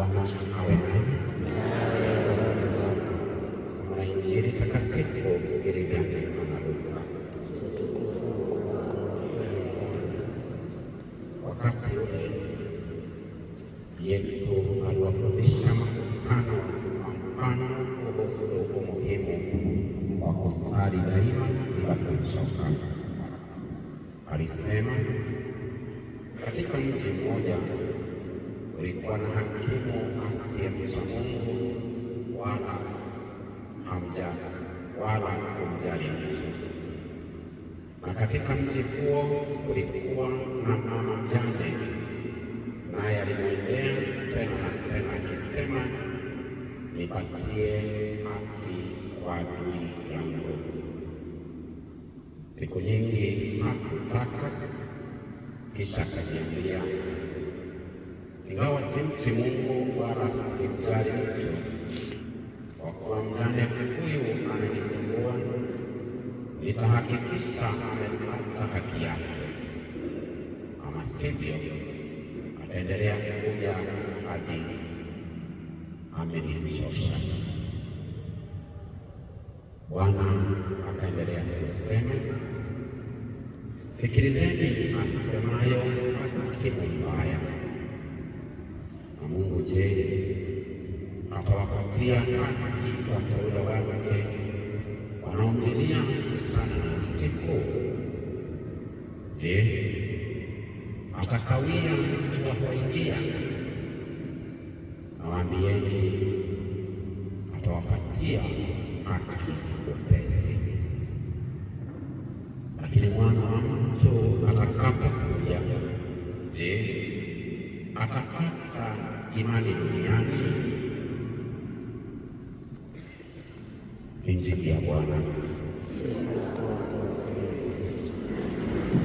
Bwana awe nanyi. naye rohoni mwako. Soma Injili takatifu ilivyoandikwa na Luka. Wakati Yesu aliwafundisha makutano kwa mfano kuhusu umuhimu wa kusali daima bila kuchoka. Alisema, katika mji mmoja wanahakimu asiyemcha Mungu wala hamjali wala kumjali mtu. Na katika mji huo kulikuwa na mama mjane, naye alimwendea tena na tena akisema, nipatie haki kwa adui yangu. Siku nyingi hakutaka, kisha akajiambia ingawa simchi Mungu wala simjali mtu, kwa kuwa mjane huyu ananisumbua, nitahakikisha amepata haki yake, ama sivyo ataendelea kuja hadi amenichosha. Bwana akaendelea kusema, sikilizeni asemayo hakimu mbaya Mungu je, atawapatia haki wateule wake wanaomlilia mchana na usiku? Je, atakawia kuwasaidia? Nawaambieni, atawapatia haki upesi. Lakini mwana wa mtu atakapokuja, je atakata imani duniani. Ni ya Bwana.